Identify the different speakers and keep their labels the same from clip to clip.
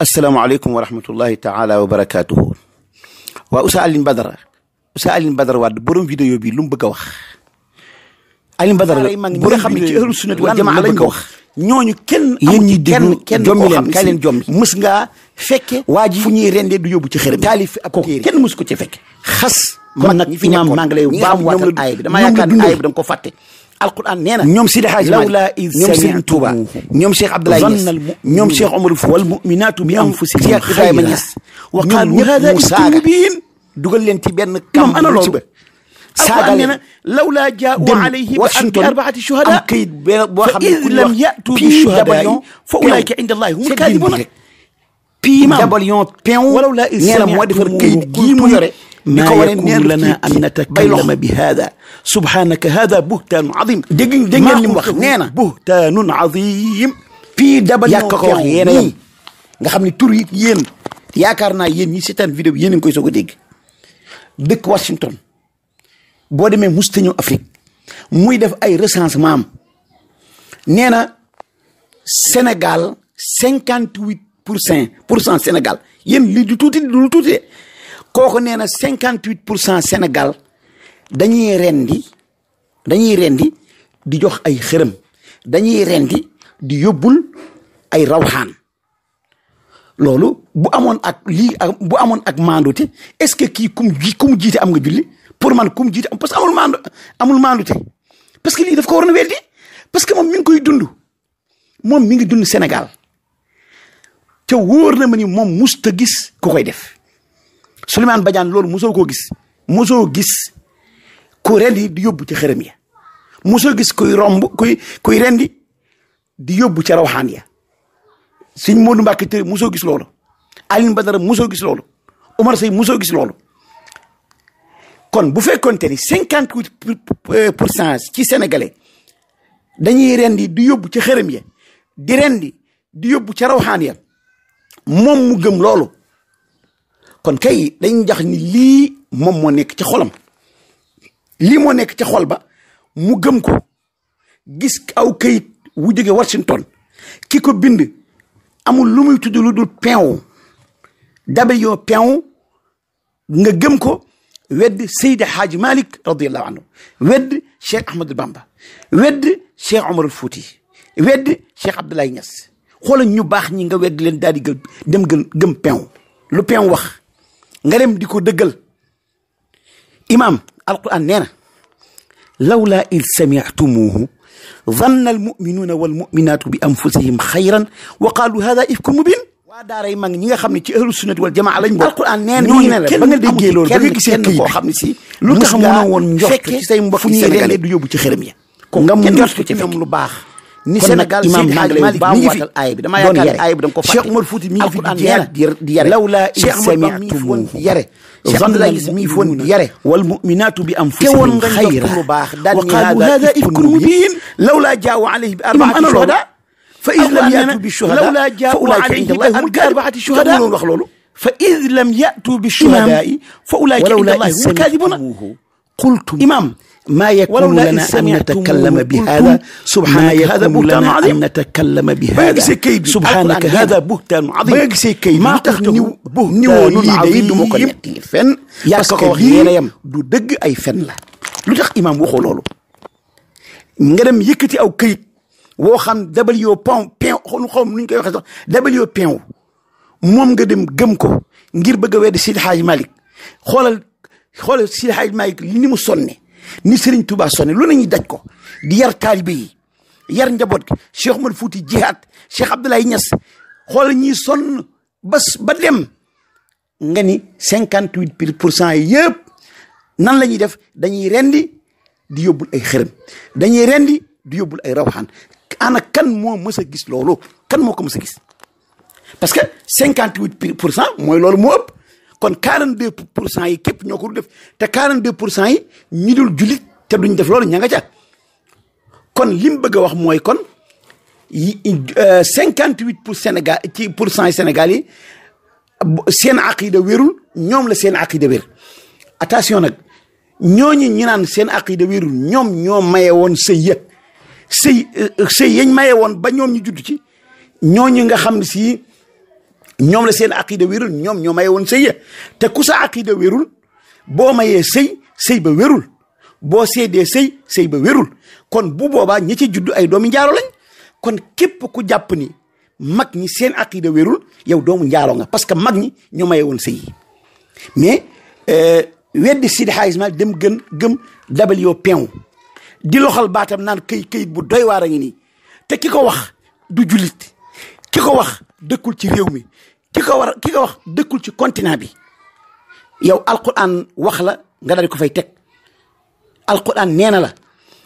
Speaker 1: السلام عليكم ورحمة الله تعالى وبركاته وأسأل بدر أسأل بدر واد بروم فيديو بي لوم بغا واخ علي بدر بورا خامي تي اهل السنه والجماعه لا بغا واخ ньо ญ و كين يين ني ديغو كين جومي لين كاي لين جومي مسغا فكي واجي فني رندي دو يوبو تي خريم تاليف اكو كين مسكو تي فكي خاص ما نك في نام مانغلي بام وات اي دا ما يكان اي دا نكو فاتي القران نينا نيوم سيدي حاج لولا اذ نيوم سيدي توبا نيوم شيخ عبد الله ظن نيوم شيخ عمر والمؤمنات بانفسهم خير من يس وقالوا هذا مستوبين دوغل لي انت بن كم نعم، انا لو القران لولا جاءوا عليه باربعه شهداء اكيد واحد لم ياتوا بالشهداء فاولئك عند الله هم الكاذبون بيما جابليون بيون ولولا اذ نينا موادف الكيد كي مو يوري maa yakunu lanaa an natakallama bi haadaa subhaanaka haadaa buhtaanun aziim dégg dégg ngeen li mu wax nee na buhtaanun aziim fii daba yaa ko wax yéena nga xam ni tur yi yéen yaakaar naa yéen ñi seetaan vidéo bi yéen a ngi koy soog a dégg dëkk Washington boo demee musta ñëw Afrique muy def ay recensement am nee na Sénégal cinquante huit pour cent pour cent Sénégal yéen li du tuuti du lu tuuti kooku nee na cinquante huit pour cent Sénégal dañuy rendi dañuy rendi di jox ay xërëm dañuy rendi di yóbbul ay raw xaan loolu bu amoon ak lii bu amoon ak maandute est-ce que kii kum kum jiite am nga julli pour man kum jiite am parce que amul maandu amul maandute parce que lii def ko waroon a weddi parce que moom mi ngi koy dund moom mi ngi dund senegal te wóor na ma moom musta gis ku koy def Souleymane Badiane loolu mosoo koo gis mosoo gis ku rendi di yóbbu ci xërëm ya musoo gis kuy romb kuy kuy rendi di yóbbu ca rawxaan ya sëñ Modou Mbacke Téré mosoo gis loolu Alioune Badara mosoo gis loolu Omar Sey mosoo gis loolu kon bu fekkonte ni cinquante huit euh, pour cent ci sénégalais dañuy rendi di yóbbu ca xërëm ya di rendi di yóbbu ca rawxaan ya moom mu gëm loolu kon kay dañ jax ni li mom mo nek ci xolam li mo nek ci xol ba mu gëm ko gis aw kay wu jóge washington kiko bind amul lu muy tuddu lu dul pew dabe yo pew nga gëm ko wedd seydi xaaji malik radiallahu anhu wedd cheikh ahmad bamba wedd cheikh omar al fouti wedd cheikh abdoulaye niass xoolal ñu baax ñi nga wedd leen daal di gëm dem gëm gëm peewu lu peewu wax ngalem diko deugal imam alquran neena lawla il sami'tumuhu ظن المؤمنون والمؤمنات بانفسهم خيرا وقالوا هذا افك مبين وداري ماغ نيغا خامني تي اهل السنه والجماعه لا نبو القران نين نين لا باغا ديغي لول باغي كيسي كو خامني سي لو تخ مونا نيوخ تي ساي مبوك سي ريلي دو يوبو تي خيرميا كو نغام نيوخ تي فيم لو باخ ni Sénégal Seydi Hadji Malick mi ngi fi aay bi dama yaakaar aay bi da nga ko fàtte Cheikh Omar Fouti mi ngi fi di yare di yare lawla Cheikh Omar mi ngi foon di yare Cheikh Abdoulaye Niass mi ngi foon di yare wal mu'minatu bi anfusihim khayra lu baax daal ni hada ifkun mubin lawla jaawu alayhi bi arbaati shuhada fa id lam yatu bi shuhada lawla jaawu alayhi bi arbaati shuhada loolu wax loolu fa id lam yatu bi shuhada fa ulaika inda allahi hum kadibuna qultum imam ما يكون لنا أن نتكلم بهذا سبحانك هذا بهتان عظيم نتكلم بهذا سبحانك هذا بهتان عظيم ما يكسي كي ما عظيم يا سكوهين دو دق أي فن لا لو إمام وخلولو نغرم يكتي أو كي وخم دبليو بان بان خون خون من كي يخزن دبليو بان موم قدم قمكو نجير بقى ويد سيد حاج مالك خلال خلال سيد حاج مالك لنمو صنّي ni serigne touba sone lu nañu daj ko di yar talibé yar njabot cheikh mal fouti jihad cheikh abdoulaye niass xol ñi son bas ba dem nga ni 58% yépp nan lañuy def dañuy rendi di yobul ay xërem dañuy rendi di yobul ay rawhan ana kan mo mësa gis lolu kan moko mësa gis parce que 58% moy lolu mo upp kon 42 pour cent yi képp ñoo ko def te 42 pour cent yi ñu dul jullit te duñ def loolu ña nga ca kon li bëgg a wax mooy kon yi 58 euh, pour Sénégal ci pour cent Sénégal yi seen aqida wérul ñoom la seen aqida wér attention nag ñooñu ñu naan seen aqida wérul ñoom ñoo maye woon sëy ya sëy euh, sëy yañ maye woon ba ñoom ñu juddu ci ñooñu nga xam si. ñoom la seen aqida wérul ñoom ñoo maye woon sëy ya te ku sa aqida wérul boo mayee sëy sëy ba wérul boo seedee sëy sey ba wérul kon bu boobaa ñi ci juddu ay doomi njaalo lañ kon képp ku jàpp ni mag ñi seen aqida wérul yow doomu njaalo nga parce que mag ñi ñoo maye won sëy yi mais euh, weddi Sidi Hadj Malick dem gën gëm dabal yoo peew di loxal baatam naan këy këyit bu doy waar a ngi nii te ki ko wax du jullit ki ko wax dëkkul ci rew mi ki ko war ki ko wax dëkkul ci continent bi yow alquran wax la nga dal ko fay tek alquran neena la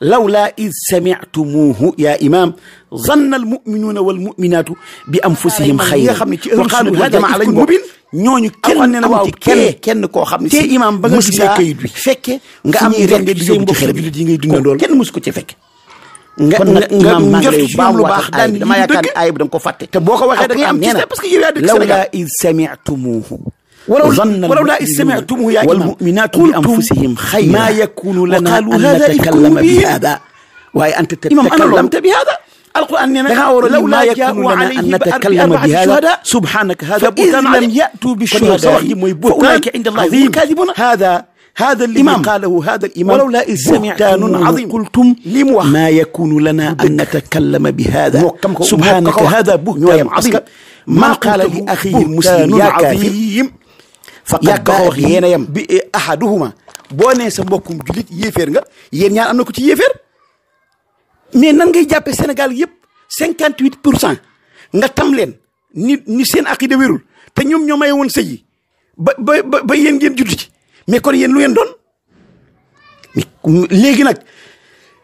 Speaker 1: لولا إذ سمعتموه يا إمام ظن المؤمنون والمؤمنات بأنفسهم anfusihim xayra nga xam ne ci ëllëg kenn na waaw kenn kenn koo xam ne te imam ba nga gisee kayit bi fekke nga am rek seen mbokk jullit yi ngay dundal kenn mosu ko ci fekke nga nga njort ci ñoom lu baax daan yi dama yaakaar aay bi da nga ko fàtte te boo ko waxee da ngay am gis parce que yow yaa dëkk Sénégal lawla iz sami'tumuhu ولو لولا إذ سمعتموه يا والمؤمنات بأنفسهم خيرا ما يكون لنا أن نتكلم بهذا وهي أنت تتكلمت بهذا القرآن يقول لولا يكون لنا أن نتكلم بهذا سبحانك هذا فإذ لم يأتوا بالشهداء فأولئك عند الله هم كاذبون هذا هذا اللي إمام. قاله هذا الإمام ولولا إذ سمعتم عظيم قلتم لموح. ما يكون لنا بك. أن نتكلم بهذا سبحانك هذا بهتان عظيم ما, ما قال لأخيه المسلم يا عظيم فقد يم بأحدهما بوانا يسمبوكم جليت يفر ين يعني أنك تيفر مي نان غي جابي سينغال ييب 58% nga tam len ni ni sen akide wirul te ñom ñomay won sey ba ba yeen ngeen mais kon yeen lu yeen don, legui nak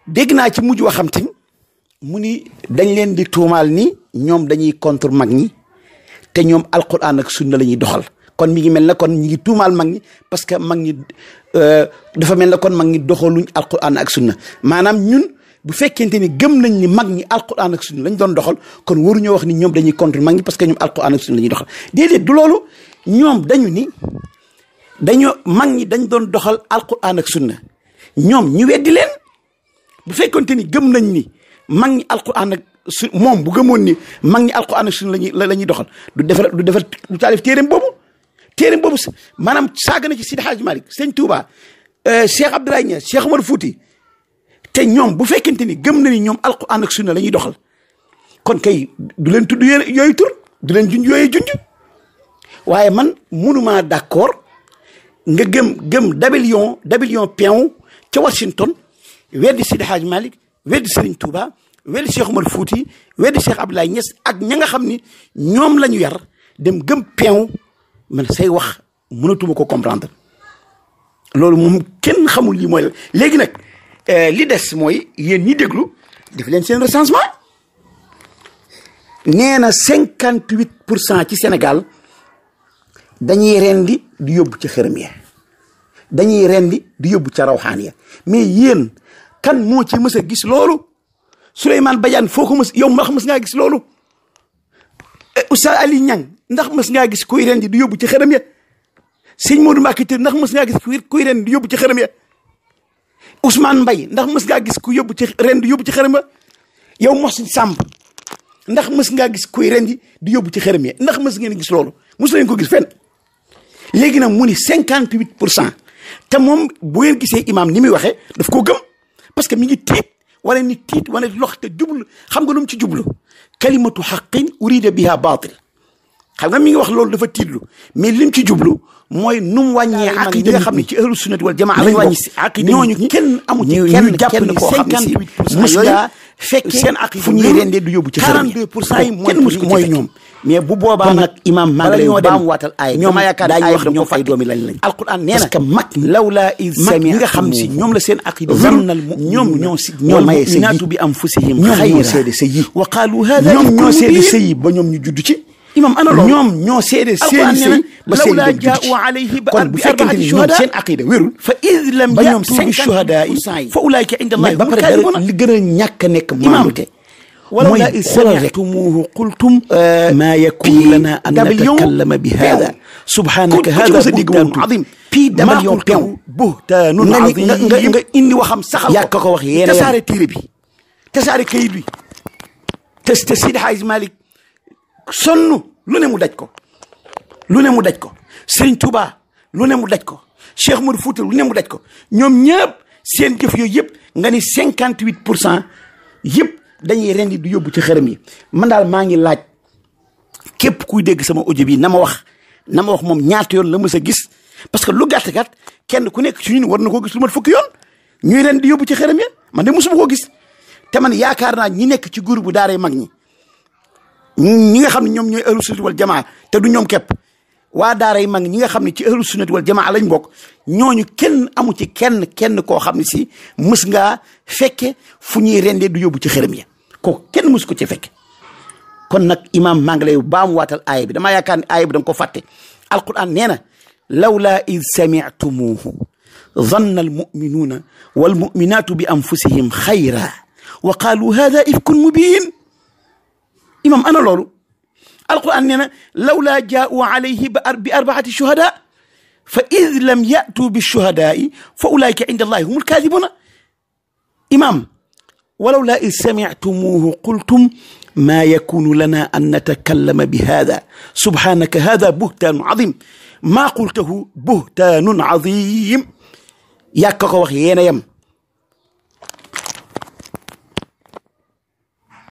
Speaker 1: dégg naa ci muju waxam tim muni dañ leen di tumal ni ñom dañuy contre mag ni te ñom alquran ak sunna lañuy doxal kon mi ngi mel na kon ñi ngi tumal mag ni parce que mag euh dafa mel na kon mag ni doxaluñ alquran ak sunna manam ñun bu fekkente ni gem nañ ni mag ni alquran ak sunna lañ doon doxal kon ñu wax ni ñom dañuy contre mag ni parce que ñom alquran ak sunna lañuy dohal, doxal déedéet du lolu ñom dañu ni dañu mag ñi dañ doon doxal alquran ak sunna ñoom ñu weddi leen bu fekkonte ni gëm nañ ni mag ñi alquran ak su moom bu gëmoon ni mag ñi alquran ak sunna lañuy lañuy doxal du defar du defar du taalif téeréem boobu téeréem boobu maanaam saaga na ci Sidi Hadj malik sëñ Touba euh, Cheikh Abdoulaye Niass Cheikh Omar Fouti te ñoom bu fekkente ni gëm nañ ni ñoom alquran ak sunna lañuy doxal kon kay du leen tudd yooyu tur du leen junj yooyu junj waaye man munuma d'accord nga gëm gëm dabalion dabalion peewu ca Washington weddi Sidi Hadj Malick weddi Serigne Touba weddi Cheikh fuuti Fouti weddi Cheikh Abdoulaye Niass ak ña nga xam ni ñoom la ñu yar dem gëm peewu man say wax mënatuma ko comprendre loolu moom kenn xamul lii mooy léegi nag euh, li des mooy yéen ñi déglu def leen seen recensement nee na cinquante huit pour cent ci Sénégal dañuy rendi di yóbbu ci xermiya dañuy rendi di yóbbu ya. kan ci rawhaniya mais yeen kan mo ci mësa gis lolu suleyman bayan foko ko yow ndax mës nga gis loolu eh, Oustaz Ali Niang ndax mës nga gis kuy rendi di yóbbu ci xërëm ya sëñ Modou Mbacké te ndax mës nga ya? ya? gis kuy rendi di yóbbu ci xërëm ya Ousmane mbay ndax mës nga gis kuy ci rendi yóbbu ci xërëm ya yow Mohsin Samb ndax mës nga gis kuy rendi di yóbbu ci xërëm ya ndax ngeen gis lolu mës ko gis fenn légui nag mu ni te mom bu ngeen gisee imam ni muy waxee daf ko gëm parce que mi ngi tit wala ni tit wala lox te jublu xam nga num ci djublu kalimatu haqqin urida biha batil xam nga mi ngi wax lool dafa tidlu mais lim ci djublu moy num wañé wàññee aqida nga xam ci ahlus sunnah wal jamaa lañ wañi si aqida ñooñu kenn amu ci kenn jàpp ne cinquante huit pour cent yooyu fekke sen aqida fu ñuy rendé du yobu ci xërëm 42 moy ñom mais bu boobaa nag imam maa ngi lay baamwaatal ay ñoom daañu wax ñoom ay doomi lañ lañ alquran nee na parce que mag lawla iz mag ñi nga xam si ñoom la seen aqida zannal ñoom ñoo si ñoom maye sa yi bi am fusihim ñoom ñoo seede sa yi wa qaalu hada ñoom ñoo seede sa yi ba ñoom ñu judd ci imam ana loolu ñoom ñoo seede seeni sëy ba sëy ba jaau alayhi ba kon bu fekkente ni ñoom seen aqida wérul fa id lam ba ñoom cinq shuhada yi fa ulaayka inda allah ba pare li gën a ñàkk a nekk maamute
Speaker 2: ولولا إذ سمعتموه
Speaker 1: قلتم آه، ما يكون لنا أن نتكلم بهذا سبحانك هذا بهتان عظيم بي دبليو بيو بهتان عظيم إني وخم سخل يا كوكو تساري تيربي تساري تستسيد حايز مالك dañuy rendi du yóbbu ci xërëm yi man daal maa ngi laaj képp kuy dégg sama audio bi na ma wax na ma wax moom ñaata yoon la mës a gis parce que lu gàtt gat kenn ku nekk ci ñun war na koo gis lu mat fukki yoon ñuy rendi yóbbu ci xërëm ya man de mosuma koo gis te man yaakaar naa ñi nekk ci groupe bu daaree mag ñi ñi nga xam ne ñoom ñooy ahlu sunnati wal jamaa te du ñoom képp waa daaray mag ñi nga xam ne ci ahlu sunnati wal jamaa bokk ñooñu kenn amu ci kenn kenn koo xam ne si mës ngaa fekke fu ñuy rendee du yóbbu ci xërëm ya kooku kenn mus ko ci fekk kon nag imaam maa ngi lay baam waatal aaya bi damaa yaakaar ne aaya bi da ko fàtte alquran nee na lawla id sami'tumuhu ظن المؤمنون والمؤمنات بأنفسهم خيرا وقالوا هذا إفك مبين إمام أنا لولو القرآن لنا لولا جاءوا عليه بأربعة شهداء فإذ لم يأتوا بالشهداء فأولئك عند الله هم الكاذبون إمام ولولا إذ سمعتموه قلتم ما يكون لنا أن نتكلم بهذا سبحانك هذا بهتان عظيم ما قلته بهتان عظيم يا كوكو يم